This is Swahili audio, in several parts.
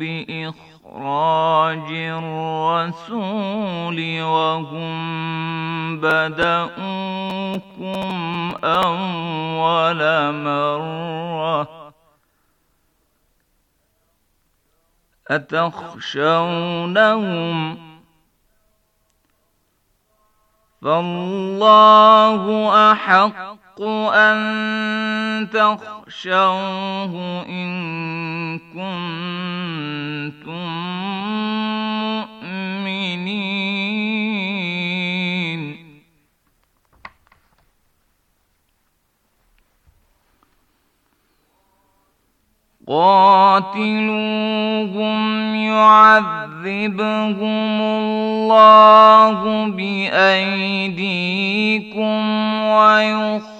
بإخراج الرسول وهم بدأوكم أول مرة أتخشونهم فالله أحق أن تخشونهم فاحشوه إن كنتم مؤمنين قاتلوهم يعذبهم الله بأيديكم ويخرجوهم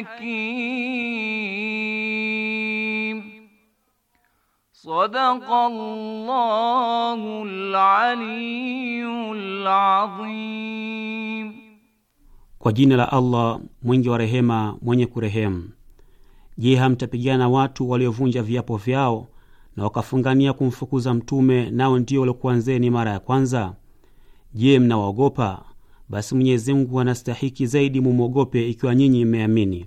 hakim. Sadakallahu al azim. Kwa jina la Allah mwingi wa rehema, mwenye kurehemu. Je, hamtapigana watu waliovunja viapo vyao na wakafungania kumfukuza Mtume, nao ndio waliokuanzeni mara ya kwanza? Je, mnawaogopa? Basi Mwenyezi Mungu anastahiki zaidi mumwogope, ikiwa nyinyi mmeamini.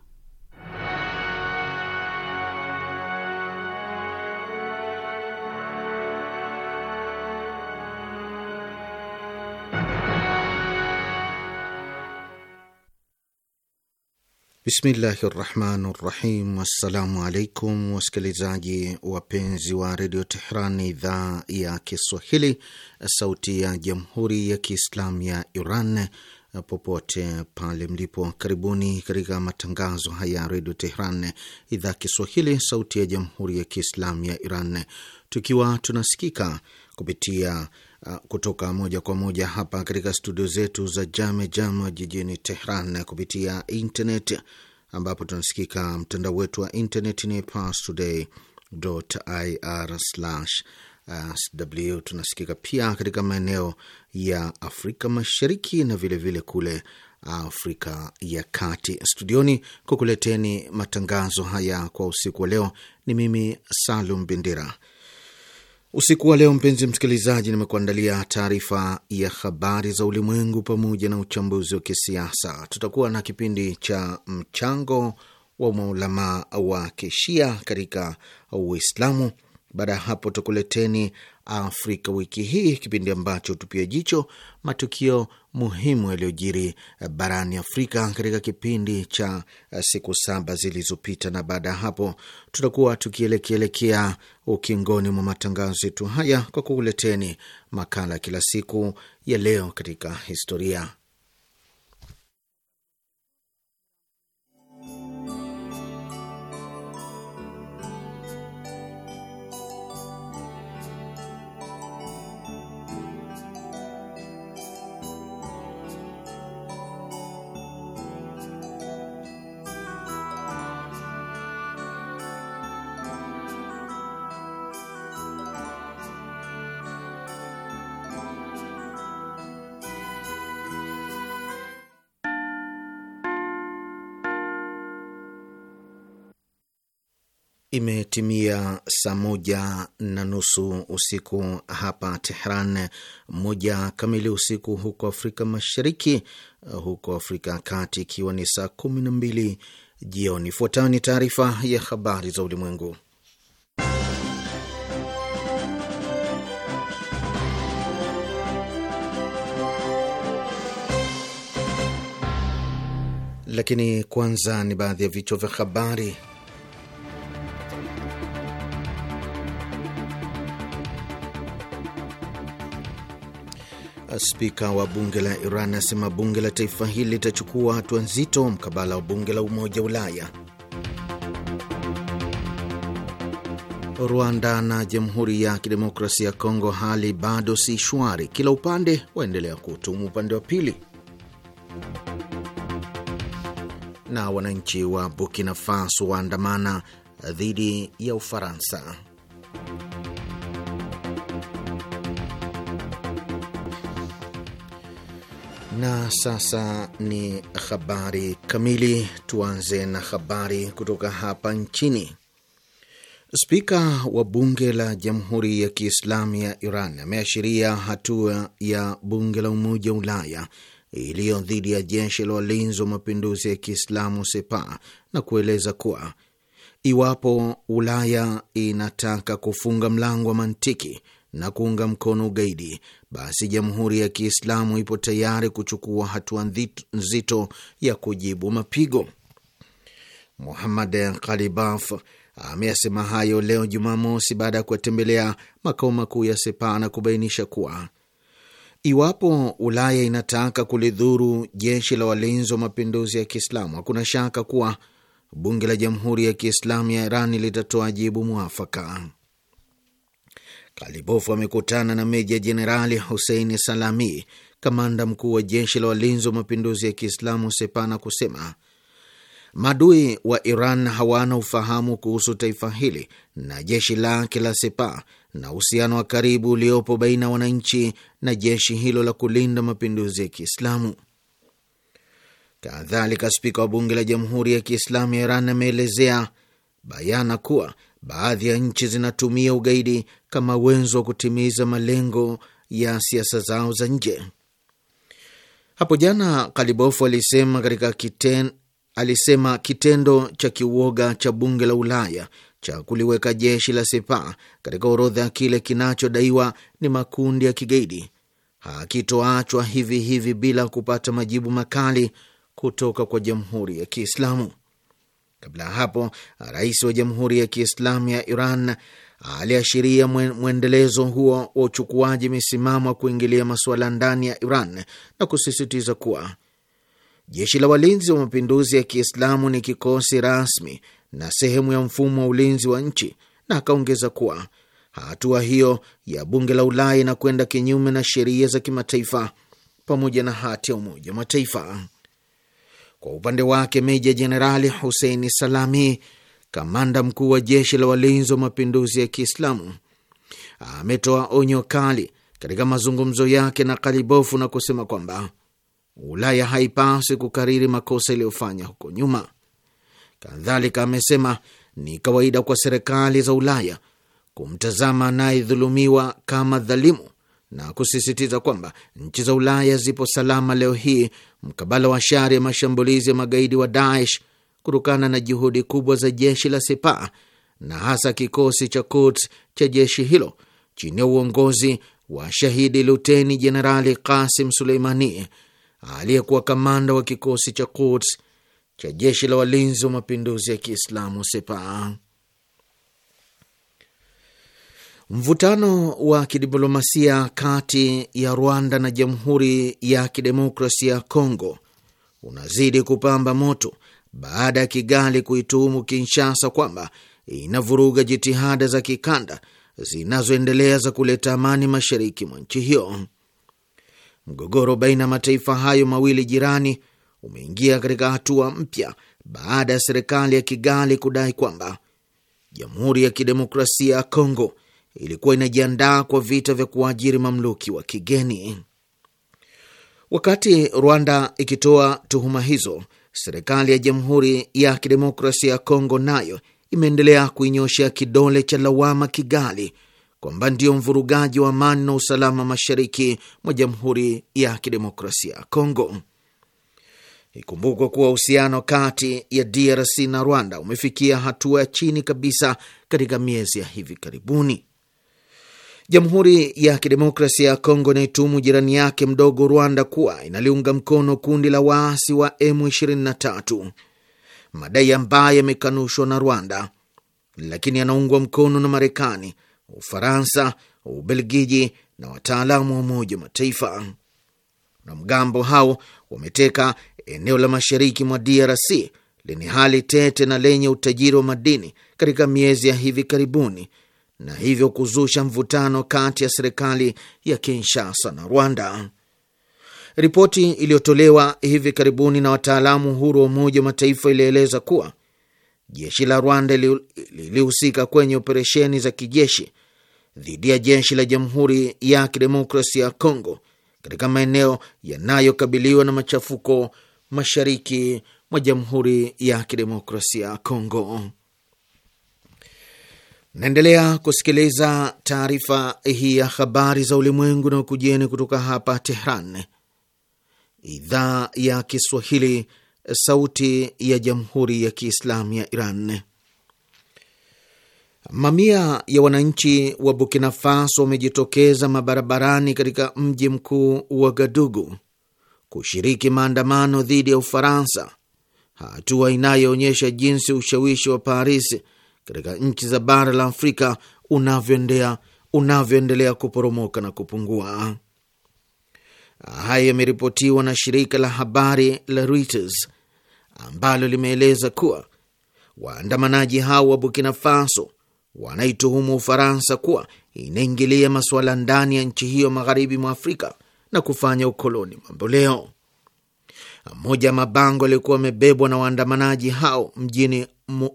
Bismillahi rahmani rahim. Wassalamu alaikum wasikilizaji wapenzi wa redio Tehran, idhaa ya Kiswahili, sauti ya jamhuri ya Kiislam ya Iran, popote pale mlipo, karibuni katika matangazo haya ya redio Tehran, idhaa Kiswahili, sauti ya jamhuri ya Kiislam ya Iran, tukiwa tunasikika kupitia kutoka moja kwa moja hapa katika studio zetu za Jame Jama jijini Tehran kupitia internet, ambapo tunasikika mtandao wetu wa internet ni parstoday.ir/sw. Tunasikika pia katika maeneo ya Afrika Mashariki na vilevile vile kule Afrika ya Kati. Studioni kukuleteni matangazo haya kwa usiku wa leo ni mimi Salum Bendera. Usiku wa leo, mpenzi msikilizaji, nimekuandalia taarifa ya habari za ulimwengu pamoja na uchambuzi wa kisiasa. Tutakuwa na kipindi cha mchango wa maulamaa wa kishia katika Uislamu. Baada ya hapo, tukuleteni Afrika wiki hii, kipindi ambacho hutupia jicho matukio muhimu yaliyojiri barani Afrika katika kipindi cha siku saba zilizopita, na baada ya hapo tutakuwa tukielekeelekea ukingoni mwa matangazo yetu haya kwa kukuleteni makala kila siku ya leo katika historia Imetimia saa moja na nusu usiku hapa Tehran, moja kamili usiku huko Afrika Mashariki, huko Afrika ya Kati ikiwa ni saa kumi na mbili jioni. Fuatayo ni taarifa ya habari za ulimwengu, lakini kwanza ni baadhi ya vichwa vya habari. Spika wa bunge la Iran asema bunge la taifa hili litachukua hatua nzito mkabala wa bunge la Umoja Ulaya. Rwanda na Jamhuri ya Kidemokrasia ya Kongo, hali bado si shwari, kila upande waendelea kuutumu upande wa pili. Na wananchi wa Burkina Faso waandamana dhidi ya Ufaransa. Na sasa ni habari kamili. Tuanze na habari kutoka hapa nchini. Spika wa bunge la Jamhuri ya Kiislamu ya Iran ameashiria hatua ya bunge la Umoja wa Ulaya iliyo dhidi ya jeshi la walinzi wa mapinduzi ya Kiislamu sepa na kueleza kuwa iwapo Ulaya inataka kufunga mlango wa mantiki na kuunga mkono ugaidi, basi Jamhuri ya Kiislamu ipo tayari kuchukua hatua nzito ya kujibu mapigo. Muhammad Kalibaf ameyasema hayo leo Jumamosi baada ya kuwatembelea makao makuu ya Sepa na kubainisha kuwa iwapo Ulaya inataka kulidhuru jeshi la walinzi wa mapinduzi ya Kiislamu, hakuna shaka kuwa bunge la Jamhuri ya Kiislamu ya Iran litatoa jibu mwafaka. Ghalibaf amekutana na Meja Jenerali Huseini Salami, kamanda mkuu wa jeshi la walinzi wa mapinduzi ya Kiislamu Sepana kusema maadui wa Iran hawana ufahamu kuhusu taifa hili na jeshi lake la Sepa na uhusiano wa karibu uliopo baina ya wananchi na jeshi hilo la kulinda mapinduzi ya Kiislamu. Kadhalika, spika wa bunge la Jamhuri ya Kiislamu ya Iran ameelezea bayana kuwa baadhi ya nchi zinatumia ugaidi kama wenzo wa kutimiza malengo ya siasa zao za nje. Hapo jana Kalibof alisema katika kiten, alisema kitendo cha kiuoga cha bunge la Ulaya cha kuliweka jeshi la Sepa katika orodha ya kile kinachodaiwa ni makundi ya kigaidi hakitoachwa hivi hivi bila kupata majibu makali kutoka kwa Jamhuri ya Kiislamu. Kabla ya hapo, rais wa Jamhuri ya Kiislamu ya Iran aliashiria mwendelezo huo wa uchukuaji misimamo wa kuingilia masuala ndani ya Iran na kusisitiza kuwa jeshi la walinzi wa mapinduzi ya Kiislamu ni kikosi rasmi na sehemu ya mfumo wa ulinzi wa nchi, na akaongeza kuwa hatua hiyo ya bunge la Ulaya inakwenda kinyume na sheria za kimataifa pamoja na hati ya Umoja wa Mataifa. Kwa upande wake, Meja Jenerali Huseini Salami, kamanda mkuu wa jeshi la walinzi wa mapinduzi ya Kiislamu, ametoa onyo kali katika mazungumzo yake na Kalibofu na kusema kwamba Ulaya haipaswi kukariri makosa iliyofanya huko nyuma. Kadhalika amesema ni kawaida kwa serikali za Ulaya kumtazama anayedhulumiwa kama dhalimu na kusisitiza kwamba nchi za Ulaya zipo salama leo hii mkabala wa shari ya mashambulizi ya magaidi wa Daesh kutokana na juhudi kubwa za jeshi la sepa na hasa kikosi cha Quds cha jeshi hilo chini ya uongozi wa shahidi luteni jenerali Kasim Suleimani aliyekuwa kamanda wa kikosi cha Quds cha jeshi la walinzi wa mapinduzi ya Kiislamu Sepah. Mvutano wa kidiplomasia kati ya Rwanda na Jamhuri ya Kidemokrasia ya Kongo unazidi kupamba moto baada ya Kigali kuituhumu Kinshasa kwamba inavuruga jitihada za kikanda zinazoendelea za kuleta amani mashariki mwa nchi hiyo. Mgogoro baina ya mataifa hayo mawili jirani umeingia katika hatua mpya baada ya serikali ya Kigali kudai kwamba Jamhuri ya Kidemokrasia ya Kongo ilikuwa inajiandaa kwa vita vya kuwaajiri mamluki wa kigeni. Wakati Rwanda ikitoa tuhuma hizo, serikali ya Jamhuri ya Kidemokrasia ya Kongo nayo imeendelea kuinyoshea kidole cha lawama Kigali kwamba ndiyo mvurugaji wa amani na usalama mashariki mwa Jamhuri ya Kidemokrasia ya Kongo. ikumbukwa kuwa uhusiano kati ya DRC na Rwanda umefikia hatua ya chini kabisa katika miezi ya hivi karibuni. Jamhuri ya Kidemokrasia ya Kongo inaitumu jirani yake mdogo Rwanda kuwa inaliunga mkono kundi la waasi wa M23, madai ambayo yamekanushwa na Rwanda lakini yanaungwa mkono na Marekani, Ufaransa, Ubelgiji na wataalamu wa Umoja wa Mataifa. Wanamgambo hao wameteka eneo la mashariki mwa DRC lenye hali tete na lenye utajiri wa madini katika miezi ya hivi karibuni na hivyo kuzusha mvutano kati ya serikali ya Kinshasa na Rwanda. Ripoti iliyotolewa hivi karibuni na wataalamu huru wa Umoja wa Mataifa ilieleza kuwa jeshi la Rwanda lilihusika kwenye operesheni za kijeshi dhidi ya jeshi la Jamhuri ya Kidemokrasia ya congo katika maeneo yanayokabiliwa na machafuko mashariki mwa Jamhuri ya Kidemokrasia ya congo Naendelea kusikiliza taarifa hii ya habari za ulimwengu na ukujieni kutoka hapa Tehran, idhaa ya Kiswahili, sauti ya jamhuri ya kiislamu ya Iran. Mamia ya wananchi wa Burkina Faso wamejitokeza mabarabarani katika mji mkuu wa Gadugu kushiriki maandamano dhidi ya Ufaransa, hatua inayoonyesha jinsi ushawishi wa Paris katika nchi za bara la Afrika unavyoendelea unavyoendelea kuporomoka na kupungua. Haya yameripotiwa na shirika la habari la Reuters ambalo limeeleza kuwa waandamanaji hao wa Burkina Faso wanaituhumu Ufaransa kuwa inaingilia masuala ndani ya nchi hiyo magharibi mwa Afrika na kufanya ukoloni mamboleo Mmoja ya mabango yaliyokuwa amebebwa na waandamanaji hao mjini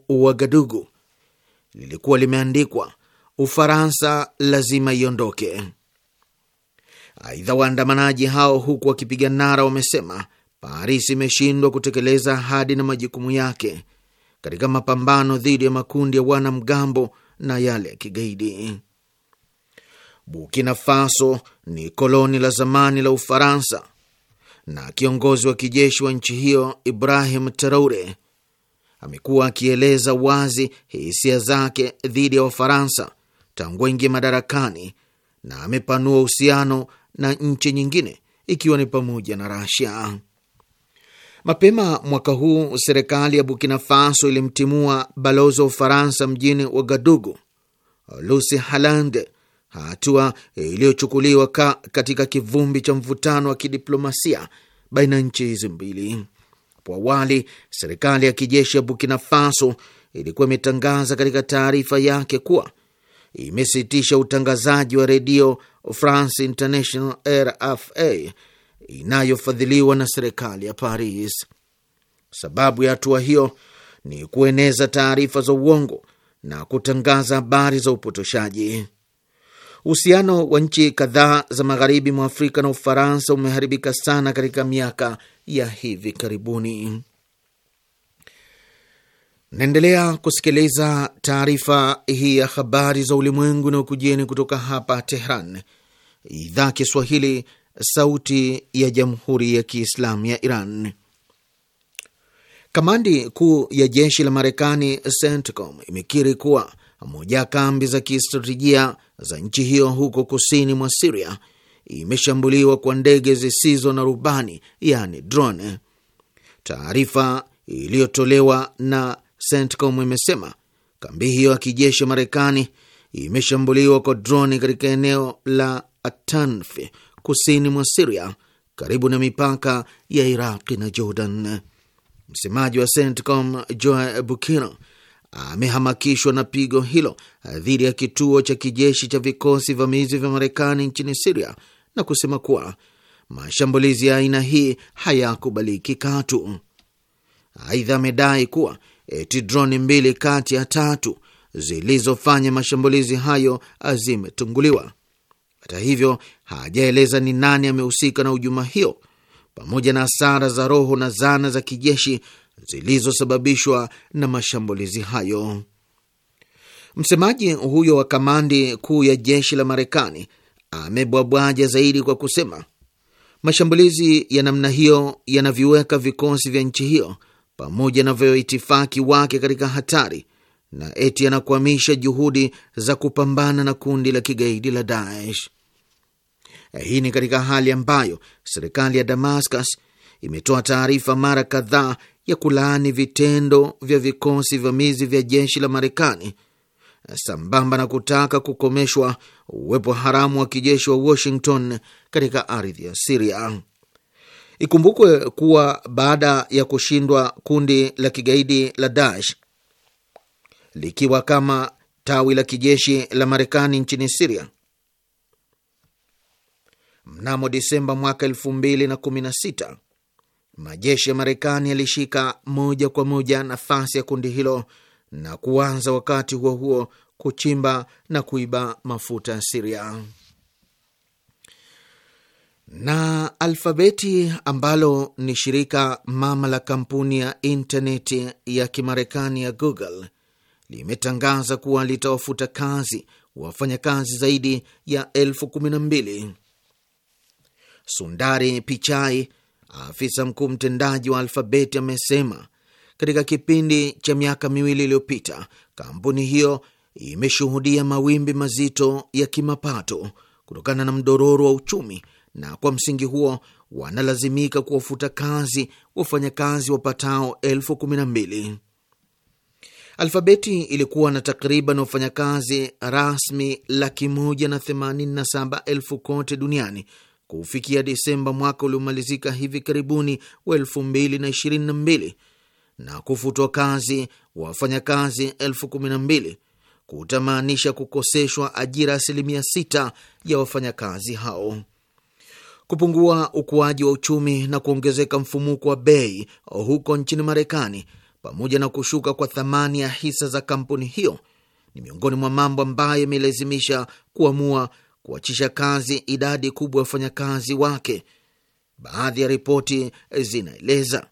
Uagadugu lilikuwa limeandikwa Ufaransa lazima iondoke. Aidha, waandamanaji hao huku wakipiga nara wamesema Paris imeshindwa kutekeleza ahadi na majukumu yake katika mapambano dhidi ya makundi ya wanamgambo na yale ya kigaidi. Burkina Faso ni koloni la zamani la Ufaransa na kiongozi wa kijeshi wa nchi hiyo Ibrahim Traore amekuwa akieleza wazi hisia zake dhidi ya Wafaransa tangu waingie madarakani na amepanua uhusiano na nchi nyingine ikiwa ni pamoja na Rasia. Mapema mwaka huu serikali ya Burkina Faso ilimtimua balozi wa Ufaransa mjini Wagadugu, Lusi Halande, hatua iliyochukuliwa katika kivumbi cha mvutano wa kidiplomasia baina ya nchi hizi mbili. Hapo awali serikali ya kijeshi ya Burkina Faso ilikuwa imetangaza katika taarifa yake kuwa imesitisha utangazaji wa redio France International RFA inayofadhiliwa na serikali ya Paris. Sababu ya hatua hiyo ni kueneza taarifa za uongo na kutangaza habari za upotoshaji. Uhusiano wa nchi kadhaa za magharibi mwa Afrika na Ufaransa umeharibika sana katika miaka ya hivi karibuni. Naendelea kusikiliza taarifa hii ya habari za ulimwengu na ukujieni kutoka hapa Tehran, idhaa Kiswahili, sauti ya jamhuri ya kiislamu ya Iran. Kamandi kuu ya jeshi la Marekani, CENTCOM, imekiri kuwa moja ya kambi za kistratejia za nchi hiyo huko kusini mwa Siria imeshambuliwa kwa ndege zisizo na rubani, yani drone. Taarifa iliyotolewa na CENTCOM imesema kambi hiyo ya kijeshi ya Marekani imeshambuliwa kwa droni katika eneo la Atanf kusini mwa Siria karibu na mipaka ya Iraqi na Jordan. Msemaji wa CENTCOM Joe Bukino amehamakishwa na pigo hilo dhidi ya kituo cha kijeshi cha vikosi vamizi vya Marekani nchini Siria na kusema kuwa mashambulizi ya aina hii hayakubaliki katu. Aidha, amedai kuwa eti droni mbili kati ya tatu zilizofanya mashambulizi hayo zimetunguliwa. Hata hivyo, hajaeleza ni nani amehusika na hujuma hiyo, pamoja na hasara za roho na zana za kijeshi zilizosababishwa na mashambulizi hayo. Msemaji huyo wa kamandi kuu ya jeshi la Marekani amebwabwaja zaidi kwa kusema mashambulizi ya namna hiyo yanaviweka vikosi vya nchi hiyo pamoja na vyoitifaki wake katika hatari na eti yanakwamisha juhudi za kupambana na kundi la kigaidi la Daesh. Hii ni katika hali ambayo serikali ya Damascus imetoa taarifa mara kadhaa ya kulaani vitendo vya vikosi vamizi vya jeshi la Marekani sambamba na kutaka kukomeshwa uwepo haramu wa kijeshi wa Washington katika ardhi ya Siria. Ikumbukwe kuwa baada ya kushindwa kundi la kigaidi la Daesh likiwa kama tawi la kijeshi la Marekani nchini Siria mnamo Disemba mwaka elfu mbili na kumi na sita, majeshi ya Marekani yalishika moja kwa moja nafasi ya kundi hilo na kuanza wakati huo huo kuchimba na kuiba mafuta ya Siria. Na Alfabeti ambalo ni shirika mama la kampuni ya intaneti ya Kimarekani ya Google limetangaza kuwa litawafuta kazi wafanyakazi zaidi ya elfu kumi na mbili. Sundari Pichai, afisa mkuu mtendaji wa Alfabeti, amesema katika kipindi cha miaka miwili iliyopita, kampuni hiyo imeshuhudia mawimbi mazito ya kimapato kutokana na mdororo wa uchumi, na kwa msingi huo wanalazimika kuwafuta kazi wafanyakazi wapatao elfu kumi na mbili. Alfabeti ilikuwa na takriban wafanyakazi rasmi laki moja na themanini na saba elfu kote duniani kufikia Desemba mwaka uliomalizika hivi karibuni wa elfu mbili na ishirini na mbili na kufutwa kazi wafanyakazi elfu kumi na mbili kutamaanisha kukoseshwa ajira asilimia sita ya wafanyakazi hao. Kupungua ukuaji wa uchumi na kuongezeka mfumuko wa bei huko nchini Marekani pamoja na kushuka kwa thamani ya hisa za kampuni hiyo ni miongoni mwa mambo ambayo imelazimisha kuamua kuachisha kazi idadi kubwa ya wafanyakazi wake. Baadhi ya ripoti zinaeleza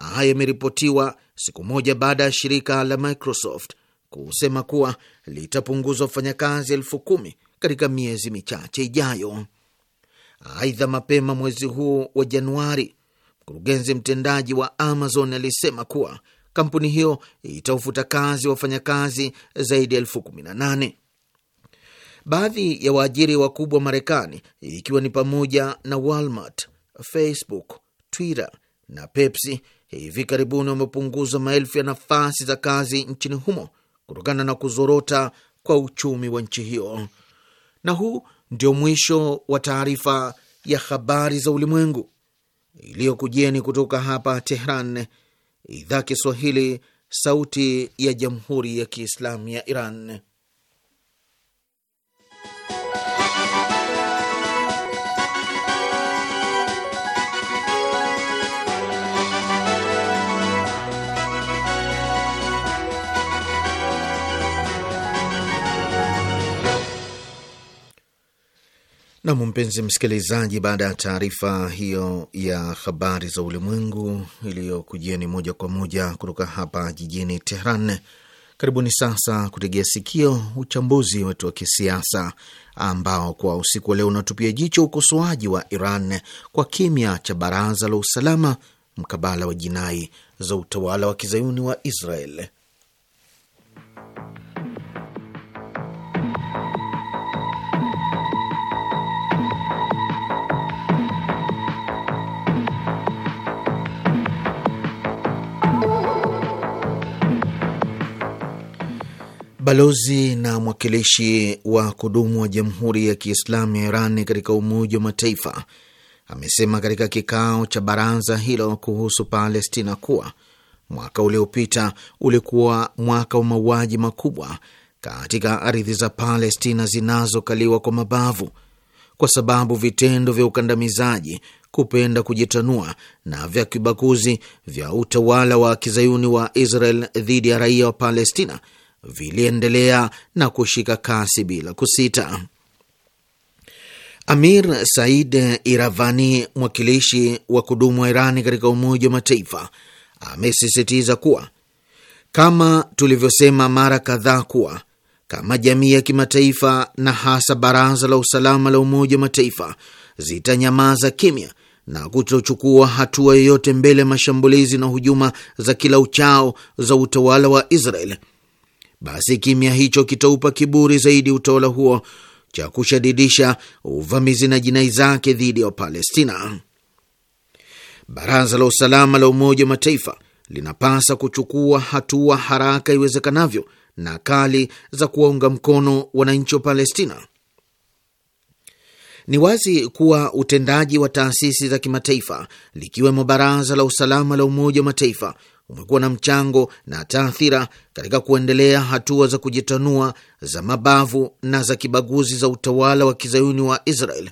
Haya imeripotiwa siku moja baada ya shirika la Microsoft kusema kuwa litapunguza wafanyakazi elfu kumi katika miezi michache ijayo. Aidha, mapema mwezi huu wa Januari, mkurugenzi mtendaji wa Amazon alisema kuwa kampuni hiyo itaufuta kazi wafanyakazi zaidi ya elfu kumi na nane. Baadhi ya waajiri wakubwa Marekani, ikiwa ni pamoja na Walmart, Facebook, Twitter na Pepsi hivi karibuni wamepunguza maelfu ya nafasi za kazi nchini humo kutokana na kuzorota kwa uchumi wa nchi hiyo. Na huu ndio mwisho wa taarifa ya habari za ulimwengu iliyokujieni kutoka hapa Tehran, idhaa Kiswahili, sauti ya jamhuri ya kiislamu ya Iran. Nam, mpenzi msikilizaji, baada ya taarifa hiyo ya habari za ulimwengu iliyokujieni moja kwa moja kutoka hapa jijini Tehran, karibuni sasa kutegea sikio uchambuzi wetu wa kisiasa ambao kwa usiku wa leo unatupia jicho ukosoaji wa Iran kwa kimya cha Baraza la Usalama mkabala wa jinai za utawala wa kizayuni wa Israel. Balozi na mwakilishi wa kudumu wa Jamhuri ya Kiislamu ya Iran katika Umoja wa Mataifa amesema katika kikao cha baraza hilo kuhusu Palestina kuwa mwaka uliopita ulikuwa mwaka wa mauaji makubwa katika ardhi za Palestina zinazokaliwa kwa mabavu, kwa sababu vitendo vya ukandamizaji, kupenda kujitanua na vya kibaguzi vya utawala wa kizayuni wa Israel dhidi ya raia wa Palestina viliendelea na kushika kasi bila kusita. Amir Said Iravani, mwakilishi wa kudumu wa Irani katika Umoja wa Mataifa, amesisitiza kuwa kama tulivyosema mara kadhaa kuwa kama jamii ya kimataifa na hasa Baraza la Usalama la Umoja wa Mataifa zitanyamaza kimya na kutochukua hatua yoyote mbele ya mashambulizi na hujuma za kila uchao za utawala wa Israel, basi kimya hicho kitaupa kiburi zaidi utawala huo cha kushadidisha uvamizi na jinai zake dhidi ya Wapalestina. Baraza la Usalama la Umoja wa Mataifa linapasa kuchukua hatua haraka iwezekanavyo na kali za kuwaunga mkono wananchi wa Palestina. Ni wazi kuwa utendaji wa taasisi za kimataifa likiwemo Baraza la Usalama la Umoja wa Mataifa umekuwa na mchango na taathira katika kuendelea hatua za kujitanua za mabavu na za kibaguzi za utawala wa kizayuni wa Israel,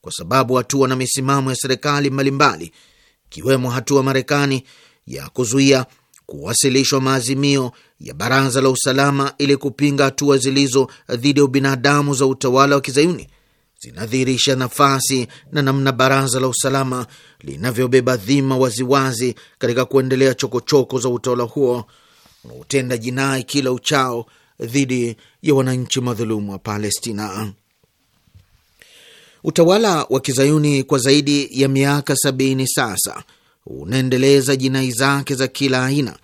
kwa sababu hatua na misimamo ya serikali mbalimbali, ikiwemo hatua Marekani ya kuzuia kuwasilishwa maazimio ya Baraza la Usalama ili kupinga hatua zilizo dhidi ya ubinadamu za utawala wa kizayuni zinadhihirisha nafasi na namna baraza la usalama linavyobeba dhima waziwazi katika kuendelea chokochoko choko za utawala huo unaotenda jinai kila uchao dhidi ya wananchi madhulumu wa Palestina. Utawala wa kizayuni kwa zaidi ya miaka sabini sasa unaendeleza jinai zake za kila aina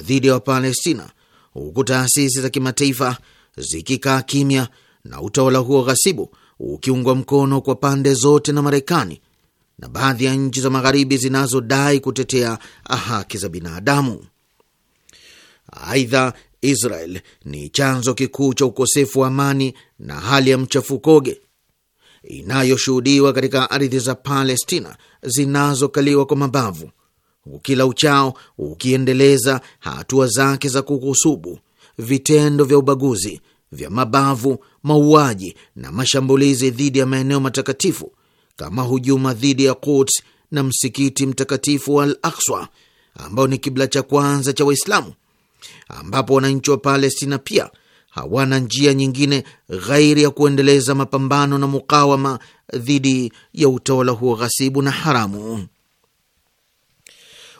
dhidi ya Wapalestina, huku taasisi za kimataifa zikikaa kimya na utawala huo ghasibu ukiungwa mkono kwa pande zote na Marekani na baadhi ya nchi za Magharibi zinazodai kutetea haki za binadamu. Aidha, Israel ni chanzo kikuu cha ukosefu wa amani na hali ya mchafukoge inayoshuhudiwa katika ardhi za Palestina zinazokaliwa kwa mabavu, huku kila uchao ukiendeleza hatua zake za kukusubu vitendo vya ubaguzi vya mabavu mauaji na mashambulizi dhidi ya maeneo matakatifu kama hujuma dhidi ya Quds na msikiti mtakatifu wa Al Akswa ambao ni kibla cha kwanza cha Waislamu, ambapo wananchi wa Palestina pia hawana njia nyingine ghairi ya kuendeleza mapambano na mukawama dhidi ya utawala huo ghasibu na haramu.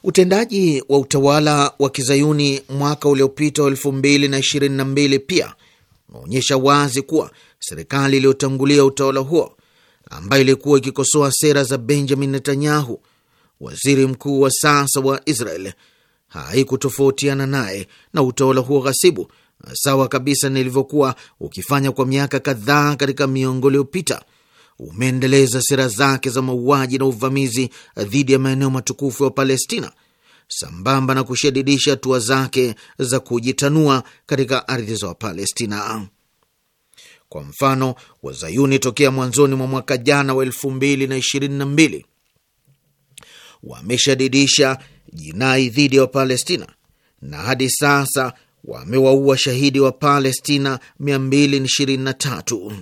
Utendaji wa utawala wa kizayuni mwaka uliopita wa elfu mbili na ishirini na mbili pia umeonyesha wazi kuwa serikali iliyotangulia utawala huo ambayo ilikuwa ikikosoa sera za Benjamin Netanyahu, waziri mkuu wa sasa wa Israel, haikutofautiana naye na utawala huo ghasibu, sawa kabisa nilivyokuwa ukifanya kwa miaka kadhaa katika miongo iliyopita. Umeendeleza sera zake za mauaji na uvamizi dhidi ya maeneo matukufu ya Palestina sambamba na kushadidisha hatua zake za kujitanua katika ardhi za Wapalestina. Kwa mfano, Wazayuni tokea mwanzoni mwa mwaka jana wa elfu mbili na ishirini na mbili wameshadidisha jinai dhidi ya Wapalestina na hadi sasa wamewaua shahidi wa Palestina 223.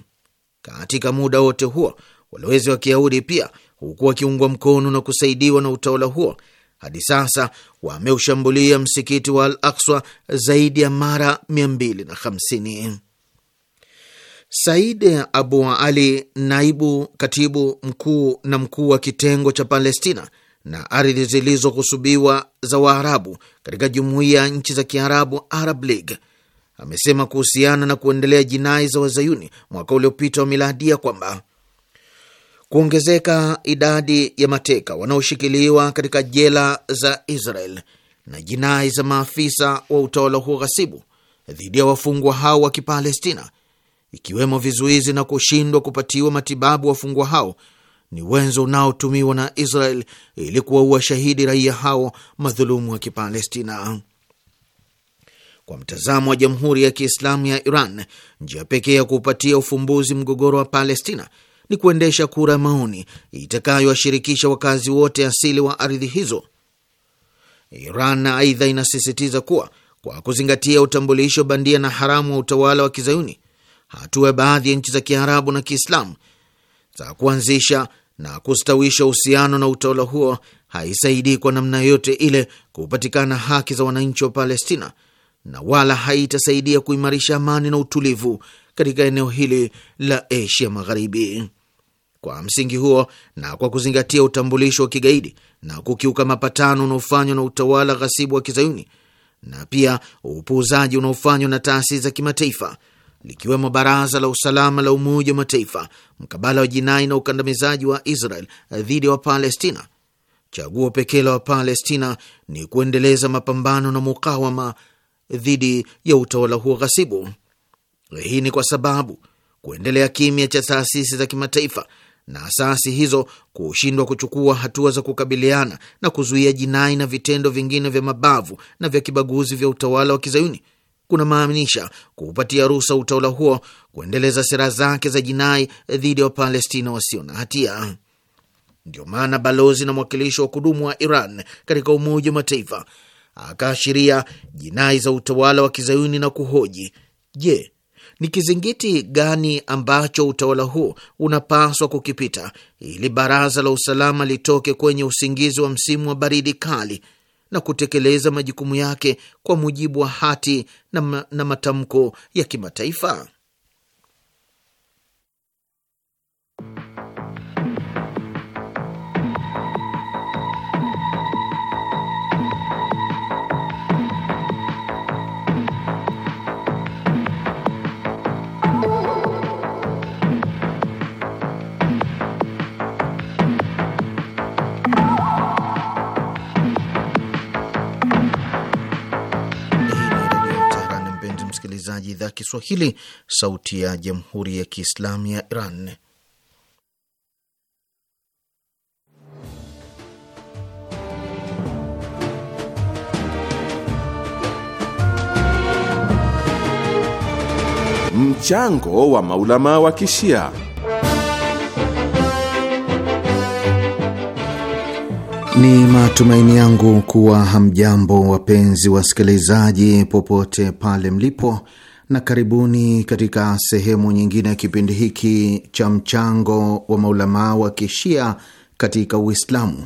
Katika muda wote huo walowezi wa Kiyahudi pia huku wakiungwa mkono na kusaidiwa na utawala huo hadi sasa wameushambulia msikiti wa Al Akswa zaidi ya mara 250. Said Abu Ali, naibu katibu mkuu na mkuu wa kitengo cha Palestina na ardhi zilizohusubiwa za Waarabu katika jumuiya ya nchi za Kiarabu, Arab League, amesema kuhusiana na kuendelea jinai za Wazayuni mwaka uliopita wa miladia kwamba kuongezeka idadi ya mateka wanaoshikiliwa katika jela za Israel na jinai za maafisa wa utawala huo ghasibu dhidi ya wafungwa hao wa Kipalestina, ikiwemo vizuizi na kushindwa kupatiwa matibabu wafungwa hao, ni wenzo unaotumiwa na Israel ili kuwaua shahidi raia hao madhulumu wa Kipalestina. Kwa mtazamo wa Jamhuri ya Kiislamu ya Iran, njia pekee ya kuupatia ufumbuzi mgogoro wa Palestina ni kuendesha kura ya maoni itakayowashirikisha wakazi wote asili wa ardhi hizo. Iran aidha inasisitiza kuwa kwa kuzingatia utambulisho bandia na haramu wa utawala wa kizayuni, hatua ya baadhi ya nchi za Kiarabu na Kiislamu za kuanzisha na kustawisha uhusiano na utawala huo haisaidii kwa namna yoyote ile kupatikana haki za wananchi wa Palestina na wala haitasaidia kuimarisha amani na utulivu katika eneo hili la Asia Magharibi. Kwa msingi huo na kwa kuzingatia utambulisho wa kigaidi na kukiuka mapatano unaofanywa na utawala ghasibu wa kizayuni na pia upuuzaji unaofanywa na taasisi za kimataifa likiwemo Baraza la Usalama la Umoja wa Mataifa mkabala wa jinai na ukandamizaji wa Israel dhidi ya Wapalestina, chaguo pekee la Wapalestina ni kuendeleza mapambano na mukawama dhidi ya utawala huo ghasibu. Hii ni kwa sababu kuendelea kimya cha taasisi za kimataifa na asasi hizo kushindwa kuchukua hatua za kukabiliana na kuzuia jinai na vitendo vingine vya mabavu na vya kibaguzi vya utawala wa kizayuni kuna maanisha kuupatia ruhusa utawala huo kuendeleza sera zake za jinai dhidi ya Wapalestina wasio na hatia. Ndio maana balozi na mwakilishi wa kudumu wa Iran katika Umoja wa Mataifa akaashiria jinai za utawala wa kizayuni na kuhoji, je, ni kizingiti gani ambacho utawala huo unapaswa kukipita ili baraza la usalama litoke kwenye usingizi wa msimu wa baridi kali na kutekeleza majukumu yake kwa mujibu wa hati na, ma, na matamko ya kimataifa? wasikilizaji idhaa Kiswahili sauti ya jamhuri ya kiislamu ya Iran. Mchango wa maulama wa kishia Ni matumaini yangu kuwa hamjambo wapenzi wasikilizaji, popote pale mlipo, na karibuni katika sehemu nyingine ya kipindi hiki cha mchango wa maulamaa wa kishia katika Uislamu,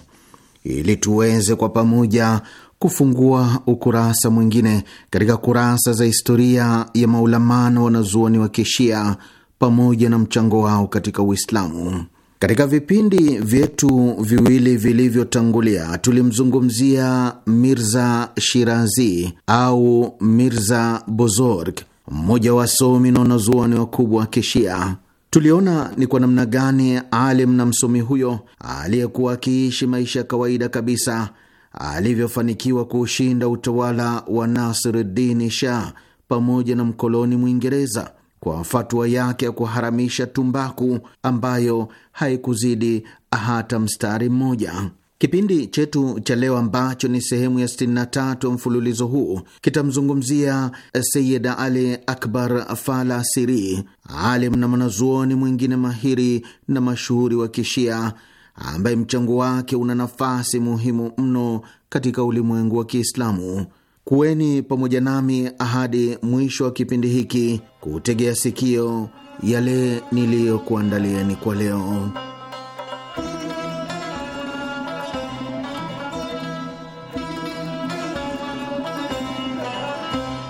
ili tuweze kwa pamoja kufungua ukurasa mwingine katika kurasa za historia ya maulamaa na wanazuoni wa kishia pamoja na mchango wao katika Uislamu. Katika vipindi vyetu viwili vilivyotangulia tulimzungumzia Mirza Shirazi au Mirza Bozorg mmoja wa somi na wanazuoni wakubwa wa Kishia. Tuliona ni kwa namna gani alim na msomi huyo aliyekuwa akiishi maisha ya kawaida kabisa alivyofanikiwa kuushinda utawala wa Nasiruddin Shah pamoja na mkoloni Mwingereza kwa fatwa yake ya kuharamisha tumbaku ambayo haikuzidi hata mstari mmoja. Kipindi chetu cha leo ambacho ni sehemu ya 63 ya mfululizo huu kitamzungumzia Sayid Ali Akbar fala siri alim na mwanazuoni mwingine mahiri na mashuhuri wa Kishia ambaye mchango wake una nafasi muhimu mno katika ulimwengu wa Kiislamu. Kuweni pamoja nami ahadi mwisho wa kipindi hiki kutegea sikio yale niliyokuandalieni kwa leo.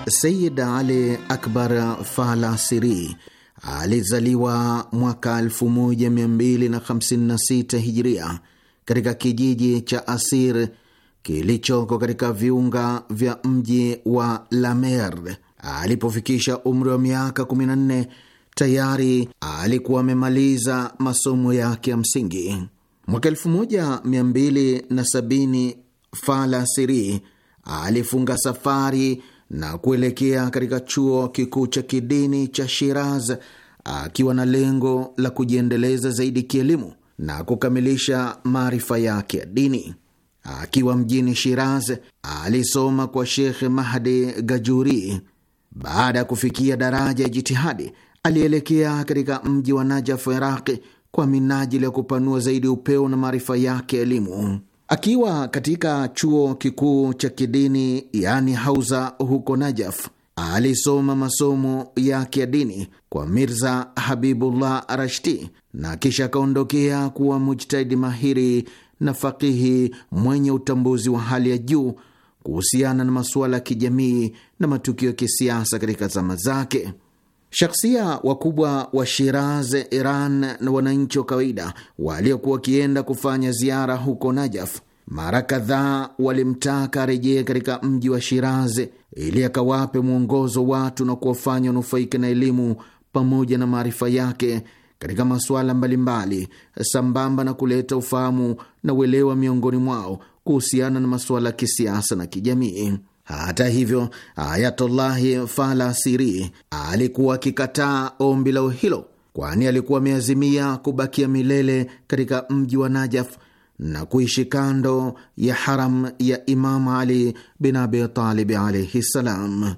Sayid Ali Akbar Falasiri alizaliwa mwaka 1256 Hijria katika kijiji cha Asir kilichoko katika viunga vya mji wa Lamer. Alipofikisha umri wa miaka 14 tayari alikuwa amemaliza masomo yake ya msingi. Mwaka 1270 siri alifunga safari na kuelekea katika chuo kikuu cha kidini cha Shiraz akiwa na lengo la kujiendeleza zaidi kielimu na kukamilisha maarifa yake ya dini. Akiwa mjini Shiraz alisoma kwa Shekh Mahdi Gajuri. Baada ya kufikia daraja ya jitihadi, alielekea katika mji wa Najaf, Iraqi, kwa minajili ya kupanua zaidi upeo na maarifa yake ya elimu. Akiwa katika chuo kikuu cha kidini yani Hauza huko Najaf, alisoma masomo yake ya dini kwa Mirza Habibullah Rashti na kisha akaondokea kuwa mujtahidi mahiri na fakihi mwenye utambuzi wa hali ya juu kuhusiana na masuala ya kijamii na matukio ya kisiasa katika zama zake. Shakhsia wakubwa wa Shiraz, Iran, na wananchi wa kawaida waliokuwa wakienda kufanya ziara huko Najaf mara kadhaa walimtaka arejee katika mji wa Shiraz ili akawape mwongozo watu na kuwafanya wanufaike na elimu pamoja na maarifa yake katika masuala mbalimbali, sambamba na kuleta ufahamu na uelewa miongoni mwao kuhusiana na masuala ya kisiasa na kijamii. Hata hivyo, Ayatullahi siri alikuwa akikataa ombi lao hilo, kwani alikuwa ameazimia kubakia milele katika mji wa Najaf na kuishi kando ya haram ya Imamu Ali bin Abi Talib alaihi ssalam.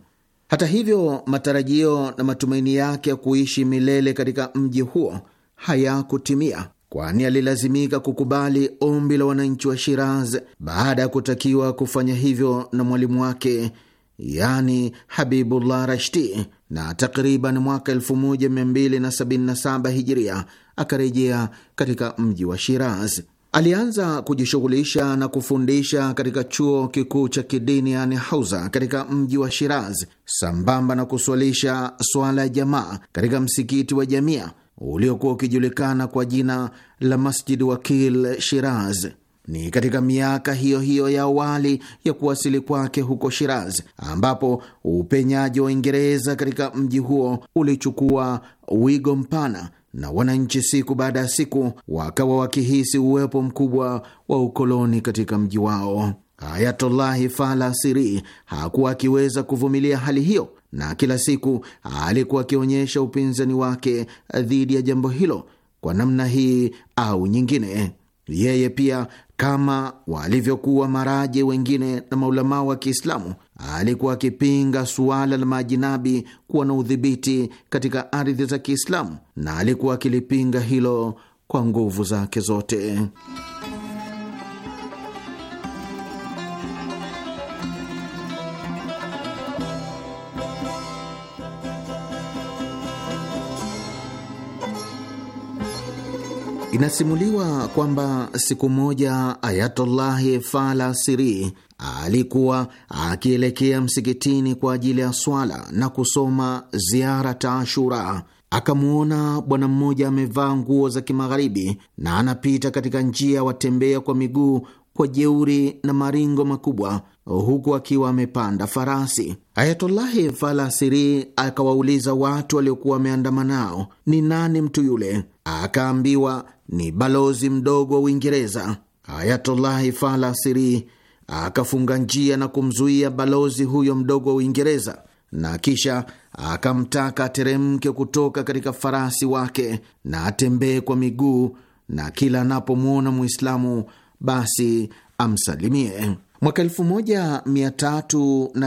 Hata hivyo, matarajio na matumaini yake ya kuishi milele katika mji huo hayakutimia kwani alilazimika kukubali ombi la wananchi wa Shiraz baada ya kutakiwa kufanya hivyo na mwalimu wake yani Habibullah Rashti, na takriban mwaka 1277 hijiria akarejea katika mji wa Shiraz. Alianza kujishughulisha na kufundisha katika chuo kikuu cha kidini yani Hauza katika mji wa Shiraz, sambamba na kuswalisha swala ya jamaa katika msikiti wa Jamia uliokuwa ukijulikana kwa jina la Masjid Wakil Shiraz. Ni katika miaka hiyo hiyo ya awali ya kuwasili kwake huko Shiraz ambapo upenyaji wa Uingereza katika mji huo ulichukua wigo mpana, na wananchi siku baada ya siku wakawa wakihisi uwepo mkubwa wa ukoloni katika mji wao. Ayatullahi Fala Siri hakuwa akiweza kuvumilia hali hiyo na kila siku alikuwa akionyesha upinzani wake dhidi ya jambo hilo kwa namna hii au nyingine. Yeye pia kama walivyokuwa maraje wengine na maulamaa wa Kiislamu alikuwa akipinga suala la majinabi kuwa na udhibiti katika ardhi za Kiislamu, na alikuwa akilipinga hilo kwa nguvu zake zote. Inasimuliwa kwamba siku moja Ayatullahi Fala Siri alikuwa akielekea msikitini kwa ajili ya swala na kusoma ziara taashura akamwona bwana mmoja amevaa nguo za kimagharibi na anapita katika njia ya watembea kwa miguu kwa jeuri na maringo makubwa huku akiwa amepanda farasi. Ayatullahi Falasiri akawauliza watu waliokuwa wameandama nao, ni nani mtu yule? Akaambiwa ni balozi mdogo wa Uingereza. Ayatullahi siri akafunga njia na kumzuia balozi huyo mdogo wa Uingereza, na kisha akamtaka ateremke kutoka katika farasi wake na atembee kwa miguu, na kila anapomwona mwislamu basi amsalimie. Mwaka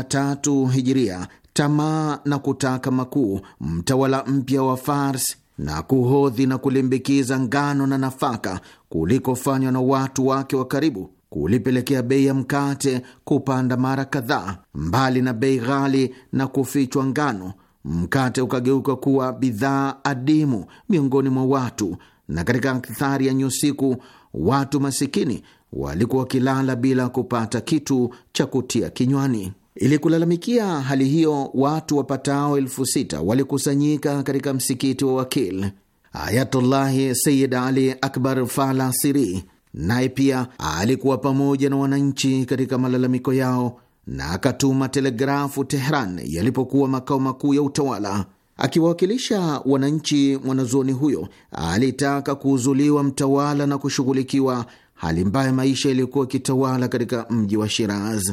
tatu Hijiria, tamaa na kutaka makuu, mtawala mpya wa Fars na kuhodhi na kulimbikiza ngano na nafaka kulikofanywa na watu wake wa karibu kulipelekea bei ya mkate kupanda mara kadhaa. Mbali na bei ghali na kufichwa ngano, mkate ukageuka kuwa bidhaa adimu miongoni mwa watu, na katika akthari ya nyusiku watu masikini walikuwa wakilala bila kupata kitu cha kutia kinywani. Ili kulalamikia hali hiyo, watu wapatao elfu sita walikusanyika katika msikiti wa Wakil. Ayatullahi Sayid Ali Akbar fala siri naye pia alikuwa pamoja na wananchi katika malalamiko yao na akatuma telegrafu Tehran yalipokuwa makao makuu ya utawala. Akiwawakilisha wananchi, mwanazuoni huyo alitaka kuuzuliwa mtawala na kushughulikiwa hali mbaya maisha iliyokuwa ikitawala katika mji wa Shiraz.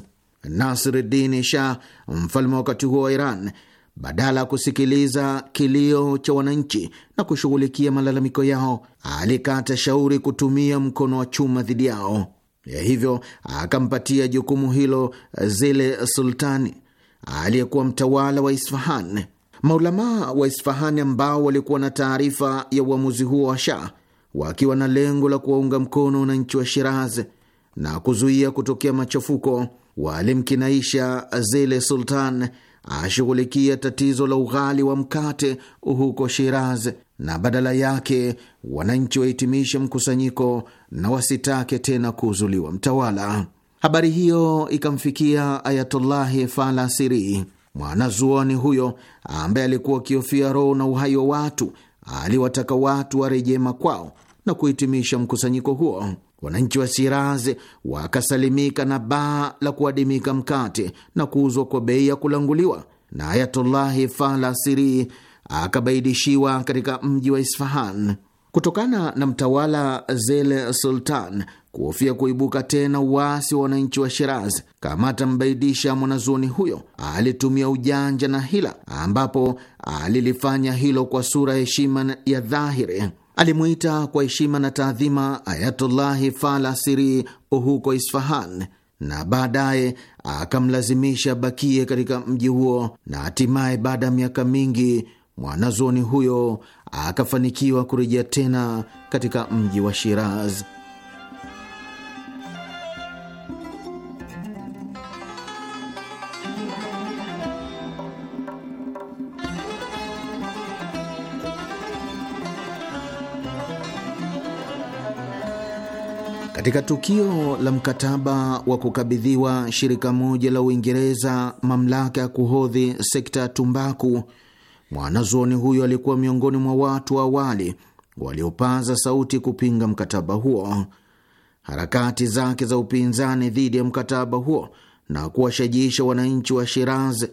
Nasreddin Shah, mfalme wakati huo wa Iran, badala ya kusikiliza kilio cha wananchi na kushughulikia malalamiko yao, alikata shauri kutumia mkono wa chuma dhidi yao. Ya hivyo akampatia jukumu hilo Zile Sultani aliyekuwa mtawala wa Isfahan. Maulamaa wa Isfahani ambao walikuwa na taarifa ya uamuzi huo wa Shah wakiwa na lengo la kuwaunga mkono wananchi wa Shiraz na kuzuia kutokea machafuko walimkinaisha Zile Sultan ashughulikia tatizo la ughali wa mkate huko Shiraz, na badala yake wananchi wahitimishe mkusanyiko na wasitake tena kuuzuliwa mtawala. Habari hiyo ikamfikia Ayatullahi siri mwanazuoni huyo ambaye alikuwa akihofia roho na uhai wa watu. Aliwataka watu warejee makwao na kuhitimisha mkusanyiko huo. Wananchi wa Shiraz wakasalimika na baa la kuadimika mkate na kuuzwa kwa bei ya kulanguliwa, na Ayatullahi fala Siri akabaidishiwa katika mji wa Isfahan kutokana na mtawala Zele Sultan kuhofia kuibuka tena uasi wa wananchi wa Shiraz. Kama atambaidisha mwanazuoni huyo, alitumia ujanja na hila, ambapo alilifanya hilo kwa sura heshima ya dhahiri. Alimuita kwa heshima na taadhima Ayatullahi Falasiri huko Isfahan na baadaye akamlazimisha bakie katika mji huo, na hatimaye baada ya miaka mingi mwanazuoni huyo akafanikiwa kurejea tena katika mji wa Shiraz. Katika tukio la mkataba wa kukabidhiwa shirika moja la Uingereza mamlaka ya kuhodhi sekta ya tumbaku, mwanazuoni huyo alikuwa miongoni mwa watu wa awali waliopaza sauti kupinga mkataba huo. Harakati zake za upinzani dhidi ya mkataba huo na kuwashajiisha wananchi wa Shiraz